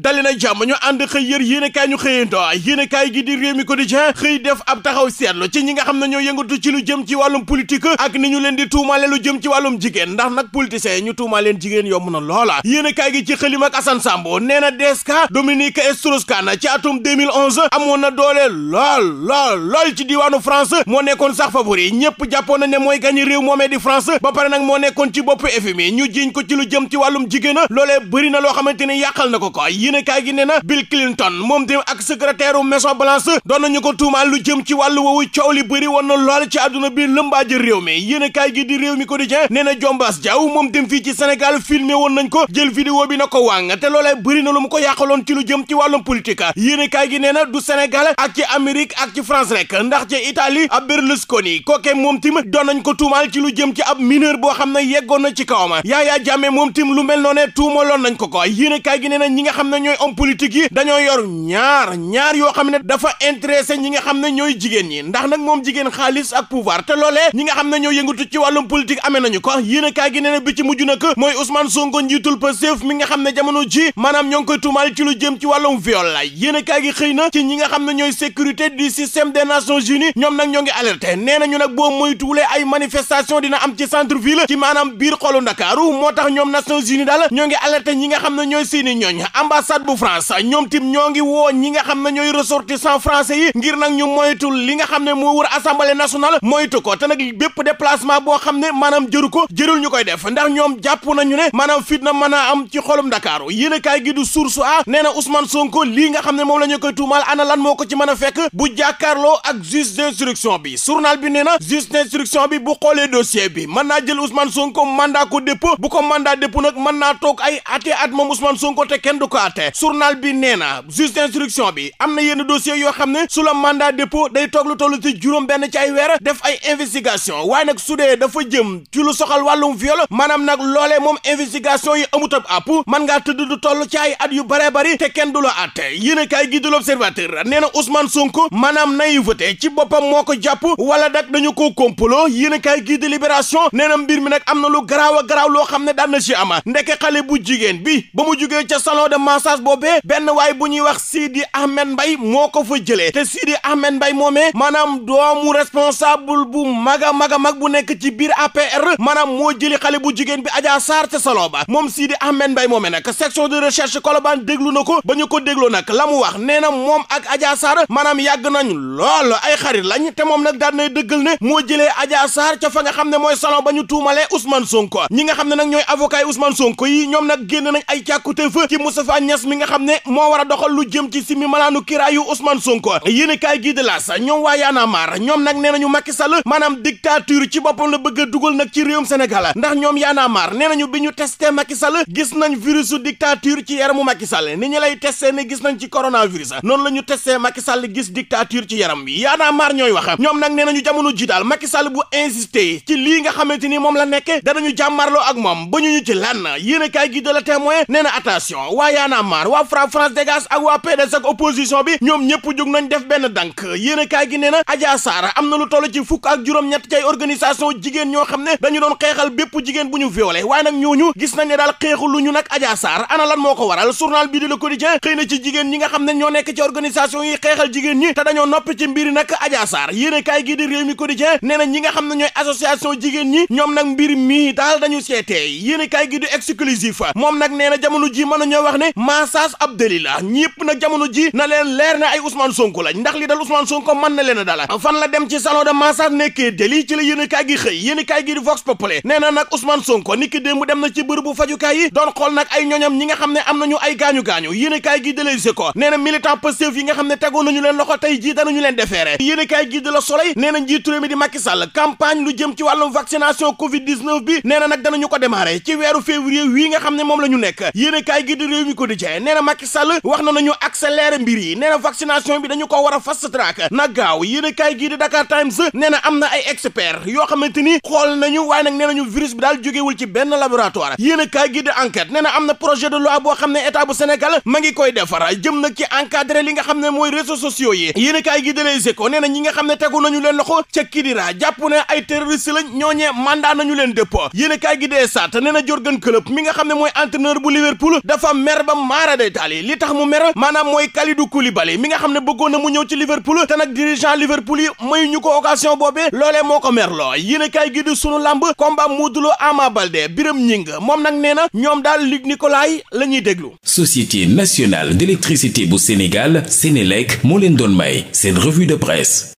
dali na jàmm ñu ànd xëy yër yéenekaay ñu xëyanto yéenekaay gi di réew mi quotidien xëy def ab taxaw seetlu ci ñi nga xam ne ñoo yëngatu ci lu jëm ci wàllum politique ak ni ñu leen di tuumaale lu jëm ci wàllum jigéen ndax nag politiciens yi ñu tuumaale leen jigéen yomb na loola yéenekaay gi ci xëlim ak Assane Samb nee na DSK Dominique strauss na ci atum 2011 amoon na doole lool lool lool ci diwaanu France moo nekkoon sax favori ñëpp jàppoon na mooy gagné réew moomee di ba pare nag moo nekkoon ci bopp FMI ñu jiiñ ko ci lu jëm ci wàllum jigéen loolee bëri na loo xamante ne yàqal na ko ko yéenekaay gi nee na Bill Clinton moom dem ak secrétaire u Maison Blanche doon nañu ko tuumaal lu jëm ci wàllu woowu coow li bëri woon na lool ci àdduna bi lëmbaaji réew mi yéenekaay gi di réew mi ko quotidien nee na Jombas Diaw moom dem fii ci Sénégal filmé woon nañ ko jël vidéo bi na ko wàng te loolee bëri na lu mu ko yàqaloon ci lu jëm ci wàllum politique yéenekaay gi nee na du Sénégal ak ci Amérique ak ci France rek ndax ci Italie ab Berlusconi kookee moom tim doon nañ ko tuumaal ci lu jëm ci ab mineur boo xam ne yeggoon na ci kawama Yaya Jammeh moom tim lu mel noonee tuumaloon nañ ko ko yéenekaay gi nee na ñi nga xam ne ñooy homme politique yi dañoo yor ñaar ñaar yoo xam ne dafa intéressé ñi nga xam ne ñooy jigéen ñi ndax nag moom jigéen xaalis ak pouvoir te loolee ñi nga xam ne ñoo yëngatu ci wàllum politique amee nañu ko yéen a kaay gi nee na bi ci mujj nag mooy Ousmane Sonko njiitul Pastef mi nga xam ne jamono ji maanaam ñoo ngi koy tuumaal ci lu jëm ci wàllum viol la yéen a kaay xëy na ci ñi nga xam ne ñooy sécurité du système des nations unies ñoom nag ñoo ngi alerté nee nañu nag boo moytuwulee ay manifestation dina am ci centre ville ci maanaam biir xolu Ndakaaru tax ñoom nations unies daal ñoo ngi alerté ñi nga xam ne ñooy seeni ñooñ ambassade bu France ñoom tim ñoo ngi woo ñi nga xam ne ñooy ressortissants français yi ngir nag ñu moytul li nga xam ne moo wër assemblée nationale moytu ko te nag bépp déplacement boo xam ne maanaam jëru ko jërul ñu koy def ndax ñoom jàpp nañu ne maanaam fitna mën a am ci xolum Dakar yéen a kaay du source a nee na Ousmane Sonko lii nga xam ne moom la ñu koy tuumaal ana lan moo ko ci mana a fekk bu jàkkaarloo ak juge d'instruction bi journal bi nee na juge d'instruction bi bu xoolee dossier bi mën naa jël Ousmane Sonko mandat ko dépôt bu ko mandat dépôt nag mën naa toog ay ati at moom Ousmane Sonko te kenn du ko te surnal bi nee na juge d'instruction bi am na yenn dossier yoo xam ne su la mandat dépôt day toog lu tollu ci juróom benn ci ay weer def ay investigation waaye nag su dee dafa jëm ci lu soxal wàllum viol maanaam nag loole moom investigation yi amut ab àpp mën ngaa tëdd du toll ci ay at yu bare bari te kenn du la atte yéen kaay gi du l'observateur nee na Ousmane Sonko maanaam naïveté ci boppam moo ko jàpp wala nag dañu ko complot yéen kaay gi de libération nee na mbir mi nag am na lu garaaw a garaaw loo xam ne daan na si ama ndeke xale bu jigéen bi ba mu jugee ca salon de passage boobee benn waay bu ñuy wax Sidi Ahmed Mbaye moo ko fa jëlee te Sidi Ahmed Mbaye moomee maanaam doomu responsable bu mag a mag a mag bu nekk ci biir APR maanaam moo jëli xale bu jigéen bi Adja Sarr ca salon ba moom Sidi Ahmed Mbaye moomee nag section de recherche baan déglu na ko ba ñu ko dégloo nag la mu wax nee na moom ak Adja saar maanaam yàgg nañu lool ay xarit lañ te moom nag daan nay dëggal ne moo jëlee Adja Sarr ca fa nga xam ne mooy salon ba ñu tuumalee Ousmane Sonko ñi nga xam ne nag ñooy avocat yi Ousmane Sonko yi ñoom nag génn nañ ay càkkutéef ci Moustapha Niass mi nga moo war a doxal lu jëm ci simi malaanu kiraayu Ousmane Sonko yéenekaay gi de L'As ñoom waa Y'en a marre ñoom nag nee nañu Macky Sall maanaam dictature ci boppam la bëgg a dugal nag ci réewum Sénégal ndax ñoom yaana a nee nañu bi ñu testé Macky Sall gis nañ virusu dictature ci yaramu Macky Sall ni ñu lay testé ne gis nañ ci coronavirus noonu la ñu testé Macky Sall gis dictature ci yaram bi Y'en a marre ñooy wax ñoom nag nee nañu jamono ji daal Macky Sall bu insisté lii nga xamante ni moom la nekk danañu jàmmarloo ak moom ba ñu ñu ci lan gi la Témoin nee na attention maan waa FRAPP France dégage ak waa PDS ak opposition bi ñoom ñëpp jug nañ def benn dank kaa gi nee na Adja Sarr am na lu toll ci fukk ak juróom-ñett ci ay organisation jigéen ñoo xam ne dañu doon xeexal bépp jigéen bu ñu violé waaye nag ñooñu gis nañ ne daal lu ñu nag Adja Sarr ana lan moo ko waral journal bi di na ci jigéen ñi nga xam ne ñoo nekk ci organisation yi xeexal jigéen ñi te dañoo nopp ci mbiri nag Adja Sarr yéenekaay gi di Rewmi Quotidien nee na ñi nga xam ne ñooy association jigéen ñi ñoom nag mbir mii daal dañu seetee yéenekaay gi di exclusif moom nag nee na jamono ji mën nañoo wax ne massage ab délit la ñëpp nag jamono ji na leen leer ne ay Ousmane Sonko lañ ndax li dal Ousmane Sonko mën na leen a dala fan la dem ci salon de massage nekkee délit ci la yéen kaay gi xëy yéen kaay gi di Vox Populi nee na nag Ousmane Sonko niki démb dem na ci bërëbu fajukaay yi doon xool nag ay ñoñam ñi nga xam ne am nañu ay gaañu-gaañu yéen kaay gi dale si ko nee na militant Pastef yi nga xam ne tegoon nañu leen loxo tey jii danañu leen defeere yéen Quotidien nee na wax na nañu accélérer mbir yi nee na bi dañu ko war a fast track na gaaw yéen a kaay gii di Dakar Times nee na am na ay expert yoo xamante ni xool nañu waaye nag nee nañu virus bi daal jógewul ci benn laboratoire yéen a kaay gii di enquête nee am na projet de loi boo xam ne état bu ma ngi koy defar jëm nag ci encadrer li nga xam ne mooy réseaux sociaux yi yéen a kaay gii di Les Échos nee na ñi nga xam ne tegu nañu leen loxo maaraday taal li tax mu mer maanaam mooy Kalidou Koulibaly mi nga xam ne bëggoon na mu ñëw ci Liverpool te nag dirigeant Liverpool yi mayu ñu ko occasion boobee loolee moo ko merloo yéen a kaay gi di sunu làmb combat Modou Lo Ama Baldé Birame Ngingue moom nag nee na ñoom daal Luc Nicolaï la ñuy déglu. Société nationale d'électricité bu Sénégal Sénélec moo leen doon may seen revue de presse.